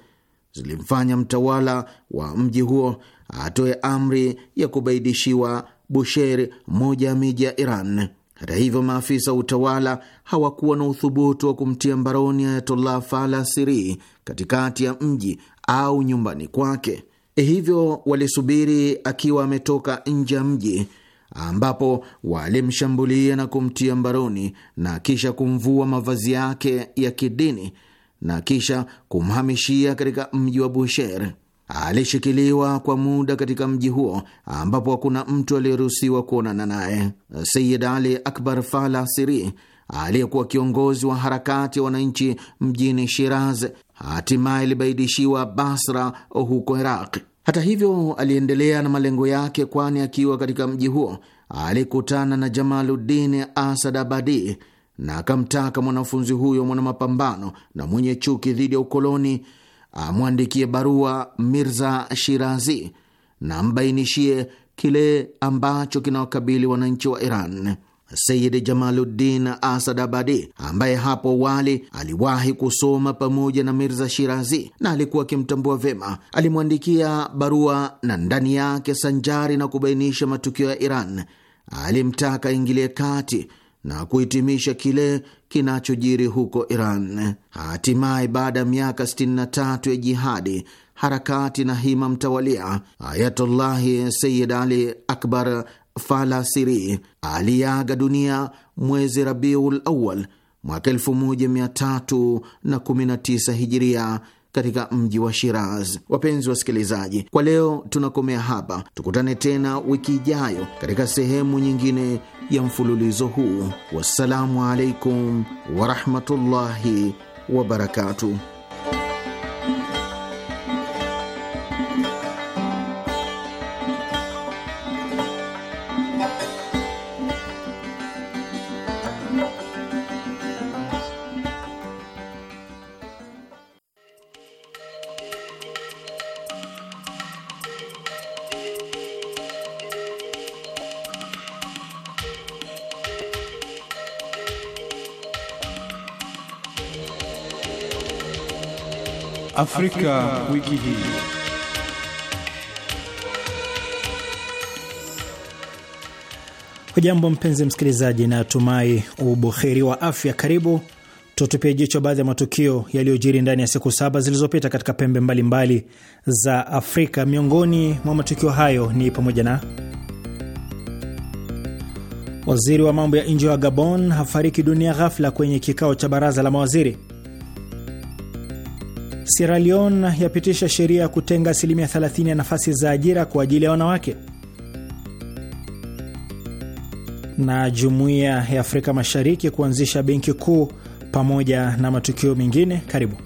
zilimfanya mtawala wa mji huo atoe amri ya kubaidishiwa busheri moja ya miji ya Iran. Hata hivyo, maafisa wa utawala hawakuwa na uthubutu wa kumtia mbaroni Ayatollah Fala Siri katikati ya mji au nyumbani kwake, eh, hivyo walisubiri akiwa ametoka nje ya mji ambapo walimshambulia na kumtia mbaroni na kisha kumvua mavazi yake ya kidini na kisha kumhamishia katika mji wa Bushehr alishikiliwa kwa muda katika mji huo ambapo hakuna mtu aliyeruhusiwa kuonana naye. Sayid Ali Akbar fala siri aliyekuwa kiongozi wa harakati ya wananchi mjini Shiraz hatimaye alibaidishiwa Basra huko Iraq. Hata hivyo, aliendelea na malengo yake, kwani akiwa katika mji huo alikutana na Jamaluddin Asad Abadi na akamtaka mwanafunzi huyo mwana mapambano na mwenye chuki dhidi ya ukoloni amwandikie barua Mirza Shirazi na ambainishie kile ambacho kinawakabili wananchi wa Iran. Sayid Jamaluddin abadi ambaye hapo awali aliwahi kusoma pamoja na Mirza Shirazi na alikuwa akimtambua vyema, alimwandikia barua na ndani yake, sanjari na kubainisha matukio ya Iran, alimtaka ingilie kati na kuhitimisha kile kinachojiri huko Iran. Hatimaye, baada ya miaka 63 ya jihadi, harakati na hima mtawalia, Ayatullahi Sayid Ali Akbar Falasiri aliaga dunia mwezi Rabiul Awal mwaka 1319 hijiria katika mji wa Shiraz. Wapenzi wasikilizaji, kwa leo tunakomea hapa, tukutane tena wiki ijayo katika sehemu nyingine ya mfululizo huu. Wassalamu alaikum warahmatullahi wabarakatuh. Afrika wiki hii. Hujambo mpenzi msikilizaji, na tumai ubuheri wa afya. Karibu tutupie jicho baadhi ya matukio yaliyojiri ndani ya siku saba zilizopita katika pembe mbalimbali mbali za Afrika. Miongoni mwa matukio hayo ni pamoja na waziri wa mambo ya nje wa Gabon hafariki dunia ghafla kwenye kikao cha baraza la mawaziri Sierra Leone yapitisha sheria ya kutenga asilimia 30 ya nafasi za ajira kwa ajili ya wanawake. Na jumuiya ya Afrika Mashariki kuanzisha benki kuu, pamoja na matukio mengine. Karibu.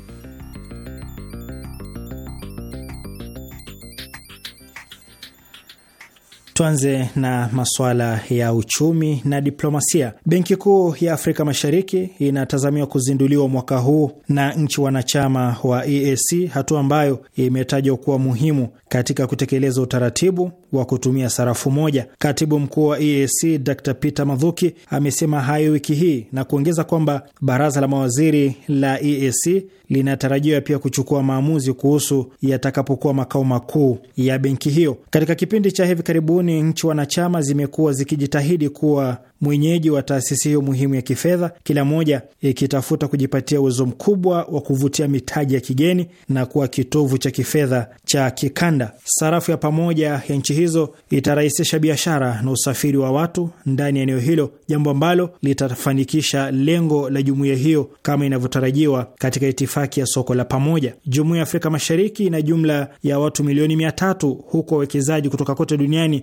Tuanze na masuala ya uchumi na diplomasia. Benki Kuu ya Afrika Mashariki inatazamiwa kuzinduliwa mwaka huu na nchi wanachama wa EAC, hatua ambayo imetajwa kuwa muhimu katika kutekeleza utaratibu wa kutumia sarafu moja. Katibu mkuu wa EAC Dr Peter Mathuki amesema hayo wiki hii na kuongeza kwamba baraza la mawaziri la EAC linatarajiwa pia kuchukua maamuzi kuhusu yatakapokuwa makao makuu ya benki hiyo katika kipindi cha hivi karibuni. Takribani nchi wanachama zimekuwa zikijitahidi kuwa mwenyeji wa taasisi hiyo muhimu ya kifedha, kila moja ikitafuta kujipatia uwezo mkubwa wa kuvutia mitaji ya kigeni na kuwa kitovu cha kifedha cha kikanda. Sarafu ya pamoja ya nchi hizo itarahisisha biashara na usafiri wa watu ndani ya eneo hilo, jambo ambalo litafanikisha lengo la jumuiya hiyo kama inavyotarajiwa katika itifaki ya soko la pamoja. Jumuiya ya Afrika Mashariki ina jumla ya watu milioni mia tatu huku wawekezaji kutoka kote duniani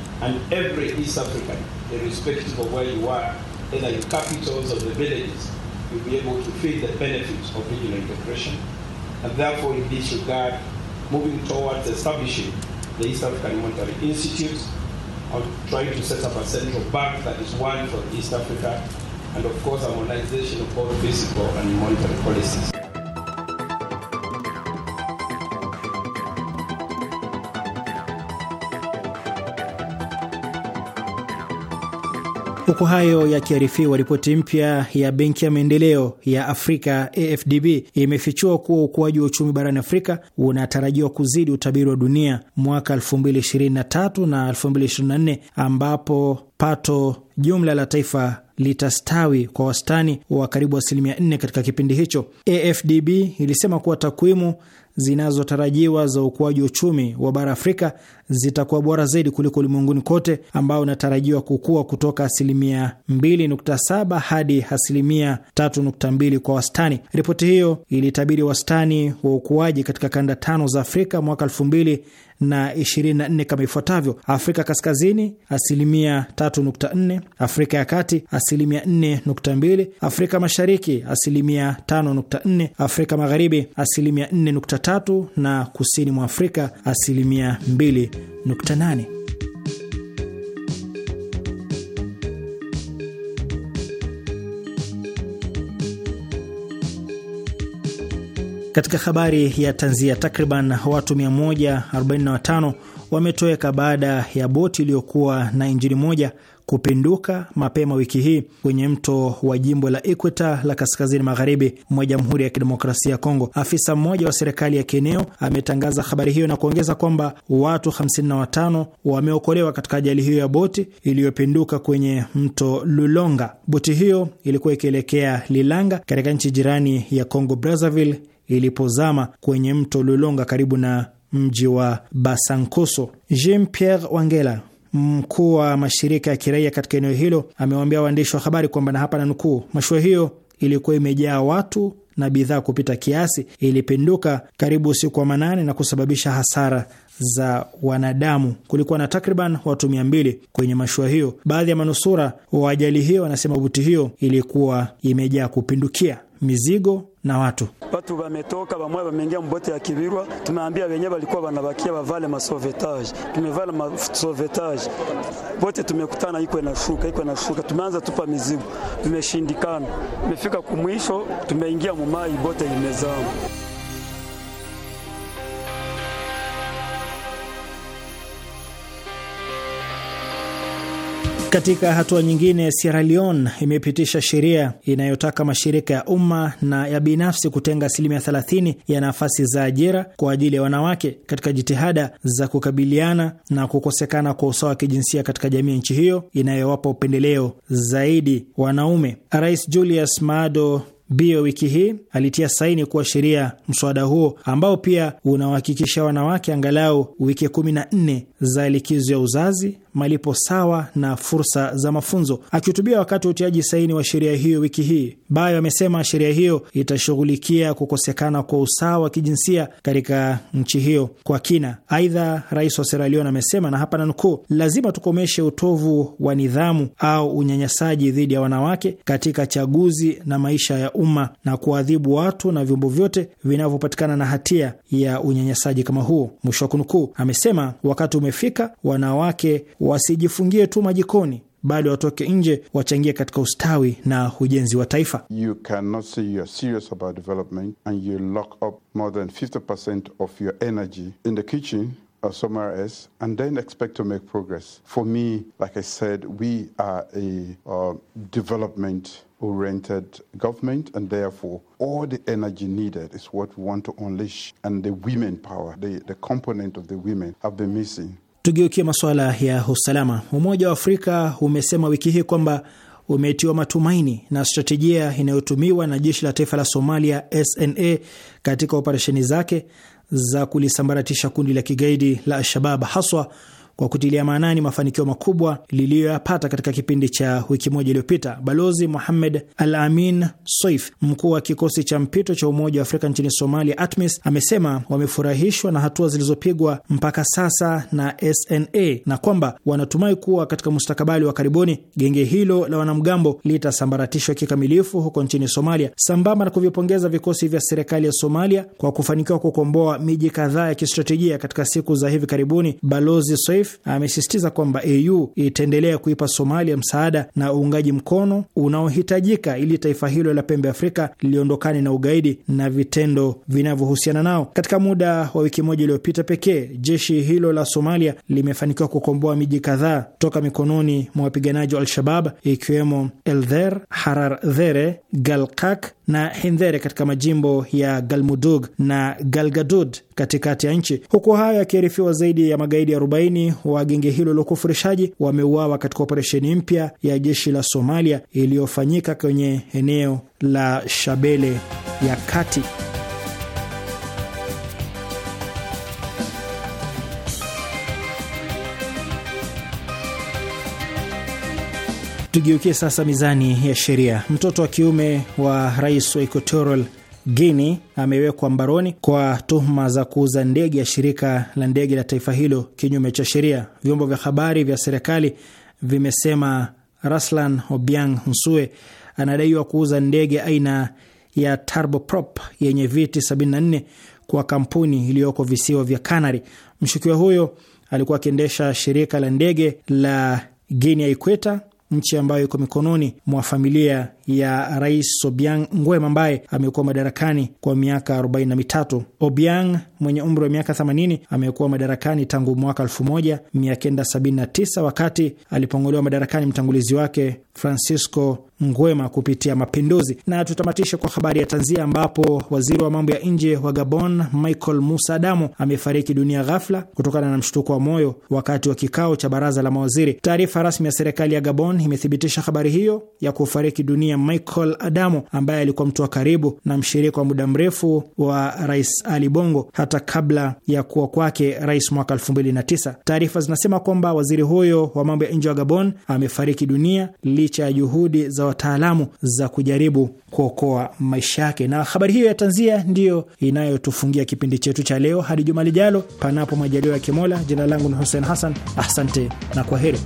and every East African, irrespective of where you are, in the capitals or the villages, you'll be able to feel the benefits of regional integration. And therefore, in this regard, moving towards establishing the East African Monetary Institute, on trying to set up a central bank that is one for East Africa, and of course, harmonization of all fiscal and monetary policies. Huku hayo yakiarifiwa, ripoti mpya ya Benki ya Maendeleo ya Afrika AFDB imefichua kuwa ukuaji wa uchumi barani Afrika unatarajiwa kuzidi utabiri wa dunia mwaka 2023 na 2024 ambapo pato jumla la taifa litastawi kwa wastani wa karibu asilimia 4 katika kipindi hicho. AFDB ilisema kuwa takwimu zinazotarajiwa za ukuaji wa uchumi wa bara Afrika zitakuwa bora zaidi kuliko ulimwenguni kote ambao unatarajiwa kukua kutoka asilimia 2.7 hadi asilimia 3.2 kwa wastani. Ripoti hiyo ilitabiri wastani wa ukuaji katika kanda tano za Afrika mwaka 2024 kama ifuatavyo: Afrika Kaskazini asilimia 3.4, Afrika ya Kati asilimia 4.2, Afrika Mashariki asilimia 5.4, Afrika Magharibi asilimia 4.3 na kusini mwa Afrika asilimia 2. 8. Katika habari ya tanzia, takriban watu 145 wametoweka baada ya boti iliyokuwa na injini moja kupinduka mapema wiki hii kwenye mto wa jimbo la Equator la kaskazini magharibi mwa Jamhuri ya Kidemokrasia ya Kongo. Afisa mmoja wa serikali ya kieneo ametangaza habari hiyo na kuongeza kwamba watu 55 wameokolewa katika ajali hiyo ya boti iliyopinduka kwenye mto Lulonga. Boti hiyo ilikuwa ikielekea Lilanga katika nchi jirani ya Congo Brazzaville ilipozama kwenye mto Lulonga karibu na mji wa Basankoso. Jean Pierre Wangela, mkuu wa mashirika ya kiraia katika eneo hilo amewaambia waandishi wa habari kwamba, na hapa na nukuu, mashua hiyo ilikuwa imejaa watu na bidhaa kupita kiasi, ilipinduka karibu usiku wa manane na kusababisha hasara za wanadamu. Kulikuwa na takriban watu mia mbili kwenye mashua hiyo. Baadhi ya manusura wa ajali hiyo wanasema boti hiyo ilikuwa imejaa kupindukia mizigo na watu. Watu wametoka bamwe, bameingia mbote ya Kibirwa. Tumeambia wenye walikuwa wanabakia wavale masovetage, tumevala masovetage bote. Tumekutana iko na shuka, iko na shuka, tumeanza tupa mizigo, tumeshindikana. Tumefika kumwisho, tumeingia mumai, bote imezama. Katika hatua nyingine, Sierra Leone imepitisha sheria inayotaka mashirika ya umma na ya binafsi kutenga asilimia 30 ya nafasi za ajira kwa ajili ya wanawake katika jitihada za kukabiliana na kukosekana kwa usawa wa kijinsia katika jamii ya nchi hiyo inayowapa upendeleo zaidi wanaume. Rais Julius Maado Bio wiki hii alitia saini kuwa sheria mswada huo ambao pia unawahakikisha wanawake angalau wiki 14 za likizo ya uzazi malipo sawa na fursa za mafunzo. Akihutubia wakati wa utiaji saini wa sheria hiyo wiki hii, Bayo amesema sheria hiyo itashughulikia kukosekana kwa usawa wa kijinsia katika nchi hiyo kwa kina. Aidha, rais wa Sierra Leone amesema, na hapa nanukuu, lazima tukomeshe utovu wa nidhamu au unyanyasaji dhidi ya wanawake katika chaguzi na maisha ya umma na kuadhibu watu na vyombo vyote vinavyopatikana na hatia ya unyanyasaji kama huo, mwisho wa kunukuu. Amesema wakati umefika wanawake wasijifungie tu majikoni, bali watoke nje, wachangie katika ustawi na ujenzi wa taifa. You cannot say you are serious about development and you lock up more than 50% of your energy in the kitchen or somewhere else and then expect to make progress. For me, like I said, we are a uh, development oriented government and therefore all the energy needed is what we want to unleash and the women power the, the component of the women have been missing Tugeukie masuala ya usalama. Umoja wa Afrika umesema wiki hii kwamba umeitiwa matumaini na stratejia inayotumiwa na jeshi la taifa la Somalia SNA katika operesheni zake za kulisambaratisha kundi la kigaidi la Al-Shabab haswa kwa kutilia maanani mafanikio makubwa liliyoyapata katika kipindi cha wiki moja iliyopita. Balozi muhamed Al Amin Soif, mkuu wa kikosi cha mpito cha Umoja wa Afrika nchini Somalia, ATMIS, amesema wamefurahishwa na hatua zilizopigwa mpaka sasa na SNA na kwamba wanatumai kuwa katika mustakabali wa karibuni genge hilo la wanamgambo litasambaratishwa kikamilifu huko nchini Somalia, sambamba na kuvipongeza vikosi vya serikali ya Somalia kwa kufanikiwa kukomboa miji kadhaa ya kistratejia katika siku za hivi karibuni. Balozi Soif Sherif amesisitiza kwamba AU itaendelea kuipa Somalia msaada na uungaji mkono unaohitajika ili taifa hilo la pembe Afrika liondokane na ugaidi na vitendo vinavyohusiana nao. Katika muda wa wiki moja iliyopita pekee, jeshi hilo la Somalia limefanikiwa kukomboa miji kadhaa toka mikononi mwa wapiganaji wa Al-Shabab ikiwemo Eldher, Harar Dhere, Galkak na Hindhere katika majimbo ya Galmudug na Galgadud katikati ya nchi. Huku hayo yakiarifiwa, zaidi ya magaidi 40 wa genge hilo la ukufurishaji wameuawa katika operesheni mpya ya jeshi la Somalia iliyofanyika kwenye eneo la Shabele ya kati. Tugeukie sasa mizani ya sheria. Mtoto wa kiume wa rais wa Equatorial Guinea amewekwa mbaroni kwa tuhuma za kuuza ndege ya shirika la ndege la taifa hilo kinyume cha sheria. Vyombo vya habari vya serikali vimesema Raslan Obiang Nsue anadaiwa kuuza ndege aina ya turboprop yenye viti 74 kwa kampuni iliyoko visiwa vya Canary. Mshukiwa huyo alikuwa akiendesha shirika la ndege la Guinea Ikweta nchi ambayo iko mikononi mwa familia ya Rais Obiang Nguema ambaye amekuwa madarakani kwa miaka 43. Obiang mwenye umri wa miaka 80 amekuwa madarakani tangu mwaka 1979 wakati alipong'olewa madarakani mtangulizi wake Francisco Nguema kupitia mapinduzi. Na tutamatishe kwa habari ya tanzia, ambapo waziri wa mambo ya nje wa Gabon Michael Musa Damo amefariki dunia ghafla kutokana na mshtuko wa moyo wakati wa kikao cha baraza la mawaziri. Taarifa rasmi ya serikali ya Gabon imethibitisha habari hiyo ya kufariki dunia Michael Adamo ambaye alikuwa mtu wa karibu na mshirika wa muda mrefu wa Rais Ali Bongo hata kabla ya kuwa kwake rais mwaka 2009. Taarifa zinasema kwamba waziri huyo wa mambo ya nje wa Gabon amefariki dunia licha ya juhudi za wataalamu za kujaribu kuokoa maisha yake. Na habari hiyo ya tanzia ndiyo inayotufungia kipindi chetu cha leo. Hadi juma lijalo, panapo majaliwa ya Kimola. Jina langu ni Hussein Hassan, asante na kwa heri.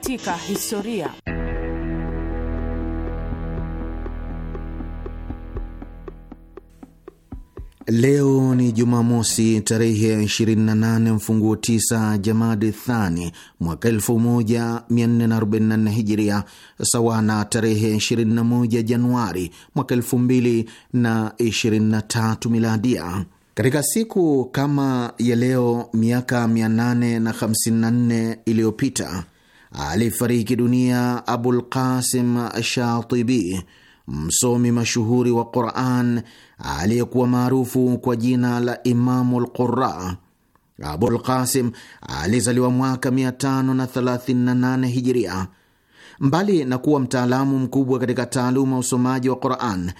katika historia. Leo ni Jumamosi tarehe ya 28 mfunguo 9 Jamadi Thani mwaka 1444 Hijiria, sawa na tarehe 21 Januari mwaka 2023 Miladia. Katika siku kama ya leo miaka 854 iliyopita alifariki dunia Abul Qasim Shatibi, msomi mashuhuri wa Quran aliyekuwa maarufu kwa jina la Imamu Lqura. Abul Qasim alizaliwa mwaka 538 Hijiria. Mbali na kuwa mtaalamu mkubwa katika taaluma ya usomaji wa Quran,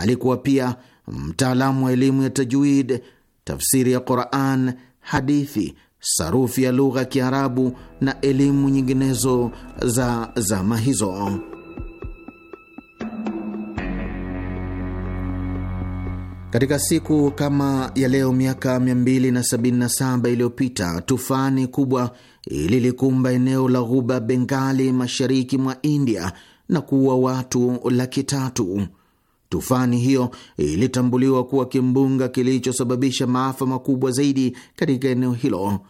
alikuwa pia mtaalamu wa elimu ya tajwid, tafsiri ya Quran, hadithi sarufi ya lugha ya Kiarabu na elimu nyinginezo za zama hizo. Katika siku kama ya leo miaka 277 iliyopita tufani kubwa ililikumba eneo la ghuba Bengali mashariki mwa India na kuua watu laki tatu. Tufani hiyo ilitambuliwa kuwa kimbunga kilichosababisha maafa makubwa zaidi katika eneo hilo.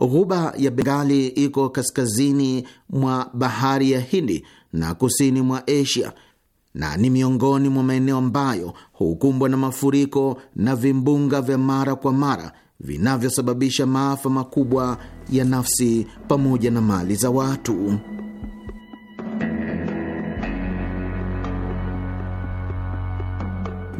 Ghuba ya Bengali iko kaskazini mwa bahari ya Hindi na kusini mwa Asia na ni miongoni mwa maeneo ambayo hukumbwa na mafuriko na vimbunga vya mara kwa mara vinavyosababisha maafa makubwa ya nafsi pamoja na mali za watu.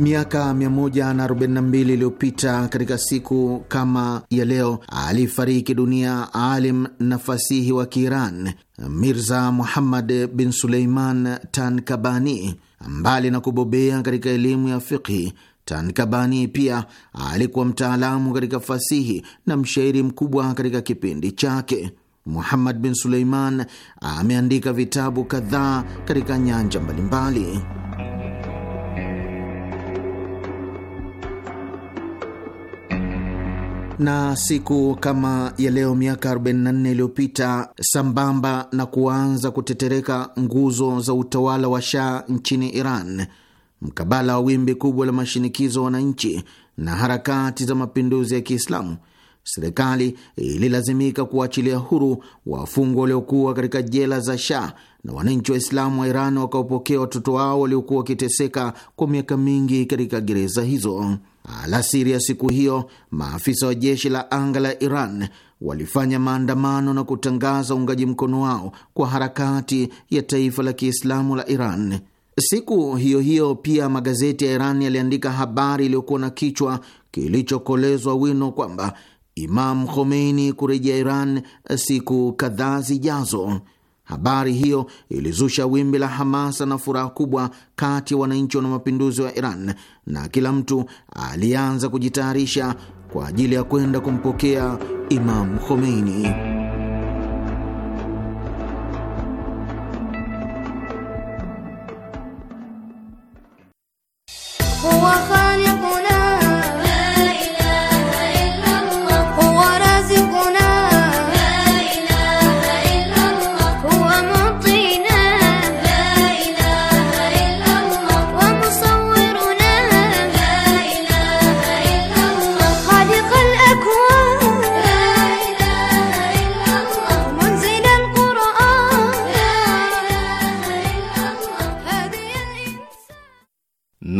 Miaka 142 iliyopita katika siku kama ya leo alifariki dunia alim na fasihi wa Kiiran Mirza Muhammad bin Suleiman Tankabani. Mbali na kubobea katika elimu ya fiqhi, Tankabani pia alikuwa mtaalamu katika fasihi na mshairi mkubwa katika kipindi chake. Muhammad bin Suleiman ameandika vitabu kadhaa katika nyanja mbalimbali. na siku kama ya leo miaka 44 iliyopita, sambamba na kuanza kutetereka nguzo za utawala wa Shah nchini Iran, mkabala wa wimbi kubwa la mashinikizo wananchi na harakati za mapinduzi ya Kiislamu, serikali ililazimika kuachilia huru wafungwa waliokuwa katika jela za Shah na wananchi Waislamu wa Iran wakaopokea watoto wao waliokuwa wakiteseka kwa miaka mingi katika gereza hizo. Alasiri ya siku hiyo maafisa wa jeshi la anga la Iran walifanya maandamano na kutangaza uungaji mkono wao kwa harakati ya taifa la Kiislamu la Iran. Siku hiyo hiyo pia magazeti ya Iran yaliandika habari iliyokuwa na kichwa kilichokolezwa wino kwamba Imam Khomeini kurejea Iran siku kadhaa zijazo. Habari hiyo ilizusha wimbi la hamasa na furaha kubwa kati ya wananchi wana mapinduzi wa Iran, na kila mtu alianza kujitayarisha kwa ajili ya kwenda kumpokea Imam Khomeini.